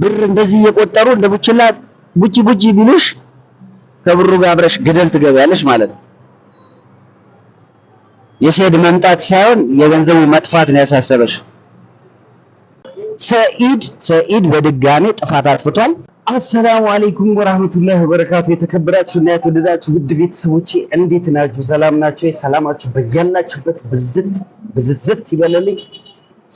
ብር እንደዚህ እየቆጠሩ እንደ ቡችላ ቡቺ ቡጂ ቢሉሽ ከብሩ ጋር አብረሽ ገደል ትገቢያለሽ ማለት ነው። የሰይድ መምጣት ሳይሆን የገንዘቡ መጥፋት ነው ያሳሰበሽ። ሰኢድ ሰኢድ በድጋሜ ጥፋት አጥፍቷል። አሰላሙ አለይኩም ወራህመቱላሂ ወበረካቱ። የተከበራችሁ እና የተወደዳችሁ ውድ ቤተሰቦቼ እንዴት ናችሁ? ሰላም ናችሁ? ሰላማችሁ በያላችሁበት ብዝት ብዝት ዝት ይበለልኝ።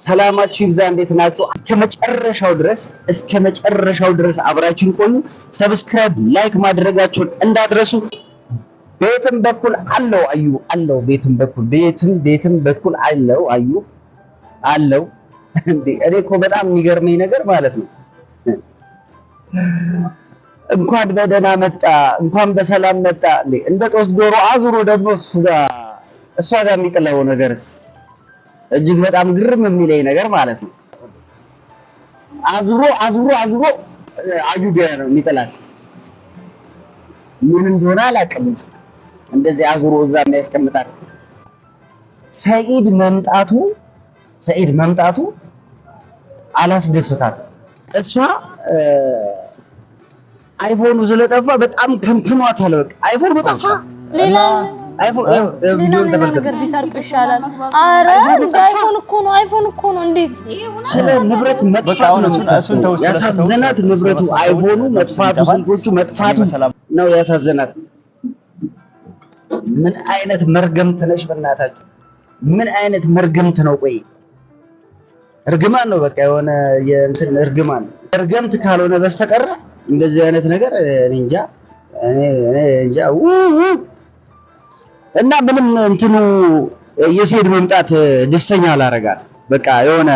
ሰላማችሁ ይብዛ። እንዴት ናችሁ? እስከ መጨረሻው ድረስ እስከ መጨረሻው ድረስ አብራችሁን ቆዩ። ሰብስክራይብ፣ ላይክ ማድረጋችሁን እንዳትረሱ። ቤትም በኩል አለው አዩ አለው ቤትም በኩል ቤትም ቤትም በኩል አለው አዩ አለው። እኔ እኮ በጣም የሚገርመኝ ነገር ማለት ነው እንኳን በደህና መጣ እንኳን በሰላም መጣ እንደ ጦስ ዶሮ አዙሮ ደግሞ እሱ ጋር እሷ ጋር የሚጥለው ነገርስ እጅግ በጣም ግርም የሚለኝ ነገር ማለት ነው። አዙሮ አዙሮ አዙሮ አጁጋ ነው የሚጥላል። ምን እንደሆነ አላውቅም። እንደዚህ አዙሮ እዛ የሚያስቀምጣል። ሰኢድ መምጣቱ ሰኢድ መምጣቱ አላስደስታት። እሷ አይፎኑ ስለጠፋ በጣም ከምክኗታል። በቃ አይፎኑ ጠፋ ነገር ቢሰርቁ ይሻላል። አይፎን እኮ ነው፣ አይፎን እኮ ነው። እንዴት ስለ ንብረት መጥፋቱ ያሳዘናት ንብረቱ አይፎኑ መጥፋቱ፣ ስልኮቹ መጥፋቱ ነው ያሳዘናት። ምን አይነት መርገምት ነሽ? በእናታችሁ ምን አይነት መርገምት ነው? ቆይ እርግማን ነው በቃ የሆነ የእንትን እርግማን እርገምት ካልሆነ በስተቀረ እንደዚህ አይነት ነገር እንጃ እኔ እንጃ እና ምንም እንትኑ የሰኢድ መምጣት ደስተኛ አላረጋት። በቃ የሆነ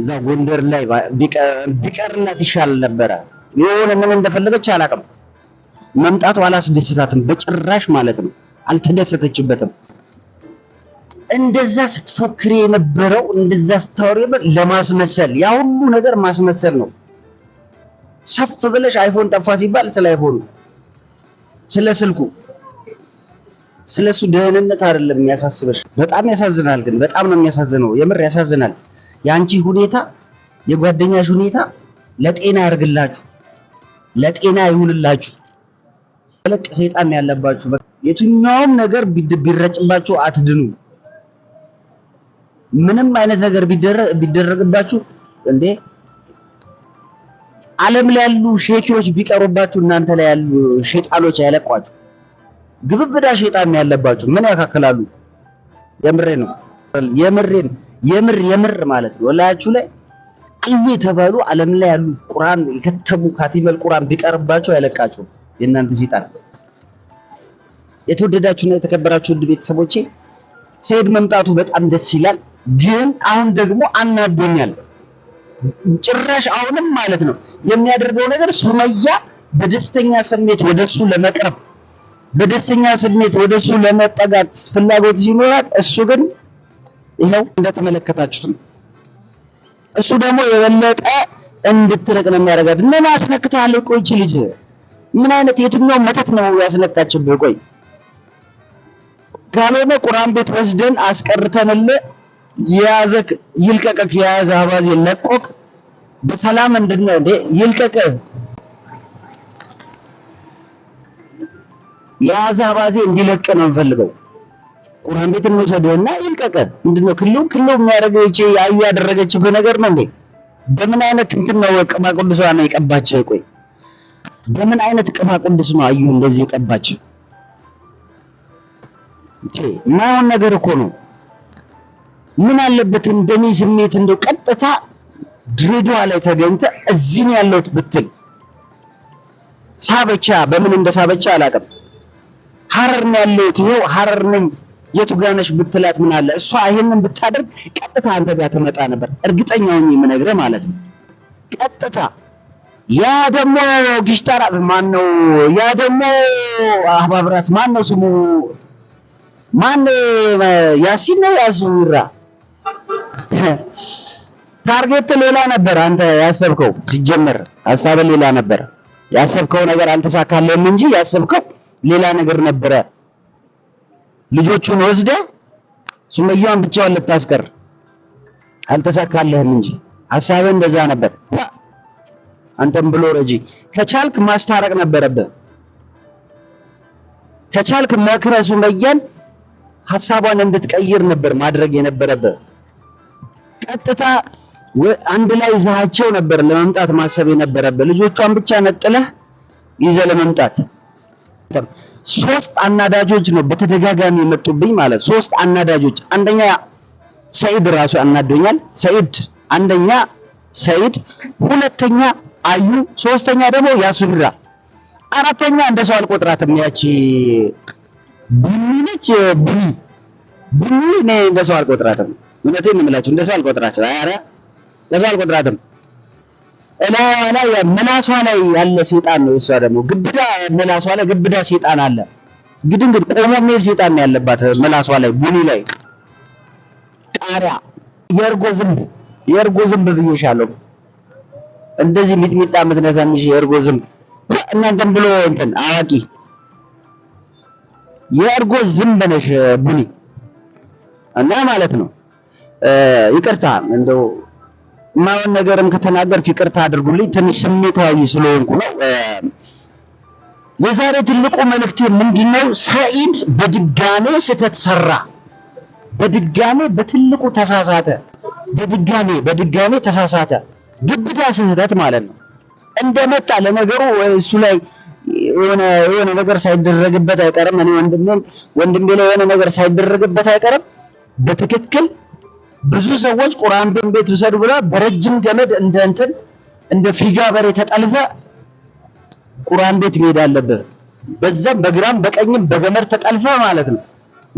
እዛ ጎንደር ላይ ቢቀርላት ይሻል ነበረ። የሆነ ምን እንደፈለገች አላውቅም። መምጣቱ አላስደስታትም በጭራሽ ማለት ነው። አልተደሰተችበትም። እንደዛ ስትፎክር የነበረው እንደዛ ስታወሪ ለማስመሰል ያ ሁሉ ነገር ማስመሰል ነው። ሰፍ ብለሽ አይፎን ጠፋ ሲባል ስለ አይፎን ነው ስለ ስልኩ ስለ እሱ ደህንነት አይደለም የሚያሳስበሽ። በጣም ያሳዝናል፣ ግን በጣም ነው የሚያሳዝነው። የምር ያሳዝናል። የአንቺ ሁኔታ የጓደኛሽ ሁኔታ ለጤና ያርግላችሁ፣ ለጤና ይሁንላችሁ። ለቅ ሰይጣን ያለባችሁ የትኛውም ነገር ቢረጭባችሁ አትድኑ። ምንም አይነት ነገር ቢደረግባችሁ እንዴ ዓለም ላይ ያሉ ሼኪዎች ቢቀሩባችሁ እናንተ ላይ ያሉ ሸይጣኖች አይለቋችሁ። ግብብዳ ሼጣን ያለባችሁ ምን ያካክላሉ? የምሬ ነው የምሬን የምር የምር ማለት ነው። ላይ አሉ የተባሉ ዓለም ላይ ያሉ ቁርአን የከተሙ ካቲመል ቁርአን ቢቀርባቸው አይለቃችሁም የእናንተ ሼጣን። የተወደዳችሁና የተከበራችሁ ውድ ቤተሰቦቼ ሰይድ መምጣቱ በጣም ደስ ይላል፣ ግን አሁን ደግሞ አናዶኛል ጭራሽ አሁንም ማለት ነው የሚያደርገው ነገር ሱመያ በደስተኛ ስሜት ወደሱ ለመቅረብ በደስተኛ ስሜት ወደሱ ለመጠጋት ፍላጎት ሲኖራት፣ እሱ ግን ይኸው እንደተመለከታችሁት ነው። እሱ ደግሞ የበለጠ እንድትርቅ ነው የሚያደርጋት። እና ማስነክታል። ቆይ ይቺ ልጅ ምን አይነት የትኛው መተት ነው ያስነካችብህ? ቆይ ካልሆነ ቁርአን ቤት ወስደን አስቀርተንልህ የያዘክ ይልቀቀክ የያዘ አባዜ ለቆክ በሰላም እንድንሄድ ይልቀቅ። የያዘ አባዜ እንዲለቅ ነው የምፈልገው። ቁርአን ቤት እንውሰደውና ይልቀቅ። ምንድን ነው ክልሉ ክልሉ የሚያደርገው እቺ ያዩ ያደረገችው ነገር ነው እንዴ? በምን አይነት እንትን ነው ቅባ ቅዱስ ነው የቀባቸው? ቆይ በምን አይነት ቅባ ቅዱስ ነው አዩ እንደዚህ የቀባቸው? እቺ ማይሆን ነገር እኮ ነው። ምን አለበት እንደኔ ስሜት እንደው ቀጥታ ድሬዳዋ ላይ ተገኝተ እዚህ ነው ያለሁት ብትል ሳበቻ በምን እንደ ሳበቻ አላውቅም። ሐረር ነው ያለሁት ይኸው ነኝ የቱ ጋር ነሽ ብትላት ምን አለ እሷ ይሄንን ብታደርግ ቀጥታ አንተ ጋር ትመጣ ነበር። እርግጠኛ ነኝ የምነግርህ ማለት ነው። ቀጥታ ያ ደግሞ ግሽጠራት ማን ነው? ያ ደግሞ አህባብራት ማን ነው ስሙ? ማን ያሲን ነው ያሱራ ታርጌት ሌላ ነበር። አንተ ያሰብከው ሲጀመር ሀሳብ ሌላ ነበር። ያሰብከው ነገር አልተሳካለም እንጂ ያሰብከው ሌላ ነገር ነበረ። ልጆቹን ወስደ ሱመያውን ብቻውን ልታስቀር አልተሳካለህም እንጂ ሀሳብህ እንደዛ ነበር። አንተም ብሎ ረጂ ከቻልክ ማስታረቅ ነበረብህ። ከቻልክ መክረህ ሱመያን ሀሳቧን እንድትቀይር ነበር ማድረግ የነበረብህ ቀጥታ አንድ ላይ ይዘሃቸው ነበር ለመምጣት ማሰብ የነበረበት። ልጆቿን ብቻ ነጥለህ ይዘ ለመምጣት ሶስት አናዳጆች ነው በተደጋጋሚ የመጡብኝ ማለት ሶስት አናዳጆች። አንደኛ ሰይድ ራሱ አናዶኛል። ሰይድ አንደኛ ሰይድ ሁለተኛ አዩ፣ ሶስተኛ ደግሞ ያሱብራ፣ አራተኛ እንደ ሰው አልቆጥራትም ያቺ ቡኒ ነች። ቡኒ ቡኒ እኔ እንደ ሰው አልቆጥራትም። እውነቴን ነው የምላችሁ እንደ ሰው አልቆጥራትም። ኧረ ለዛ አልቆጥራትም። እላዋ ላይ መላሷ ላይ ያለ ሴጣን ነው። እሷ ደግሞ ግብዳ መላሷ ላይ ግብዳ ሴጣን አለ። ግድንግድ ቆሞ የሚሄድ ሴጣን ነው ያለባት መላሷ ላይ ጉኒ ላይ ጣሪያ የእርጎ ዝንብ የእርጎ ዝንብ ብዬሻለሁ። እንደዚህ ሚጥሚጣ የምትነሳንሽ የእርጎ ዝንብ እናንተን ብሎ እንትን አዋቂ የእርጎ ዝንብ ነሽ ቡኒ እና ማለት ነው። ይቅርታ እንደው ማውን ነገርም ከተናገርኩ ይቅርታ አድርጉልኝ። ትንሽ ስሜታዊ ስለሆንኩ ነው። የዛሬ ትልቁ መልእክቴ ምንድነው? ሰኢድ በድጋሜ ስህተት ሰራ። በድጋሜ በትልቁ ተሳሳተ። በድጋሜ በድጋሜ ተሳሳተ። ግብዳ ስህተት ማለት ነው። እንደመጣ ለነገሩ እሱ ላይ የሆነ የሆነ ነገር ሳይደረግበት አይቀርም። እኔ ወንድሜ ወንድሜ ላይ የሆነ ነገር ሳይደረግበት አይቀርም። በትክክል ብዙ ሰዎች ቁርአን ቤት ውሰዱ ብላ በረጅም ገመድ እንደ እንትን እንደ ፊጋ በሬ ተጠልፈ ቁርአን ቤት መሄድ አለብህ። በዛም በግራም በቀኝም በገመድ ተጠልፈ ማለት ነው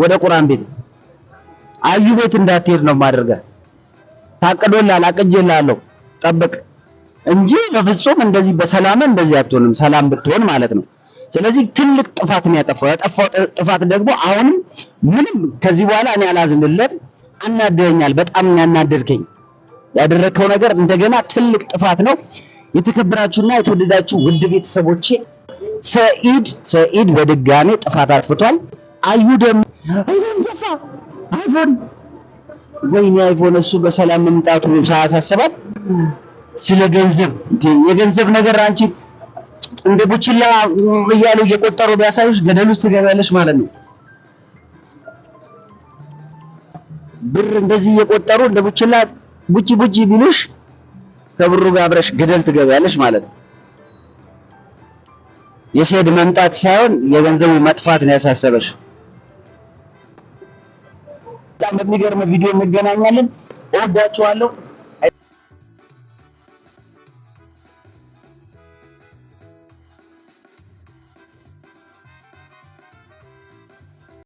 ወደ ቁርአን ቤት አዩ ቤት እንዳትሄድ ነው ማድረጋ። ታቅዶልሃል፣ አቅጄልሃለሁ፣ ጠብቅ እንጂ በፍጹም እንደዚህ በሰላም እንደዚህ አትሆንም። ሰላም ብትሆን ማለት ነው። ስለዚህ ትልቅ ጥፋት ነው ያጠፋው። ያጠፋው ጥፋት ደግሞ አሁንም ምንም ከዚህ በኋላ እኔ አላዝንለት አናደኛል። በጣም ያናደድከኝ ያደረከው ነገር እንደገና ትልቅ ጥፋት ነው። የተከበራችሁና የተወደዳችሁ ውድ ቤተሰቦቼ ሰኢድ ሰኢድ በድጋሜ ጥፋት አጥፍቷል። አዩ ደግሞ አይፎን ዘፋ አይፎን ወይኔ አይፎን እሱ በሰላም መምጣቱ ሳያሳስባት ስለ ገንዘብ የገንዘብ ነገር አንቺ እንደ ቡችላ እያሉ እየቆጠሩ ቢያሳዩሽ ገደል ውስጥ ትገቢያለሽ ማለት ነው። ብር እንደዚህ እየቆጠሩ እንደ ቡችላ ቡቺ ቡቺ ቢሉሽ ከብሩ ጋር አብረሽ ገደል ትገቢያለሽ ማለት ነው። የሴድ መምጣት ሳይሆን የገንዘቡ መጥፋት ነው ያሳሰበሽ። በጣም በሚገርም ቪዲዮ እንገናኛለን። እወዳችኋለሁ።